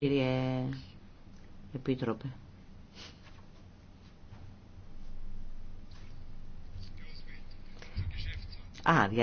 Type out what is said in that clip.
Κύριε Επίτροπε. Α, δια...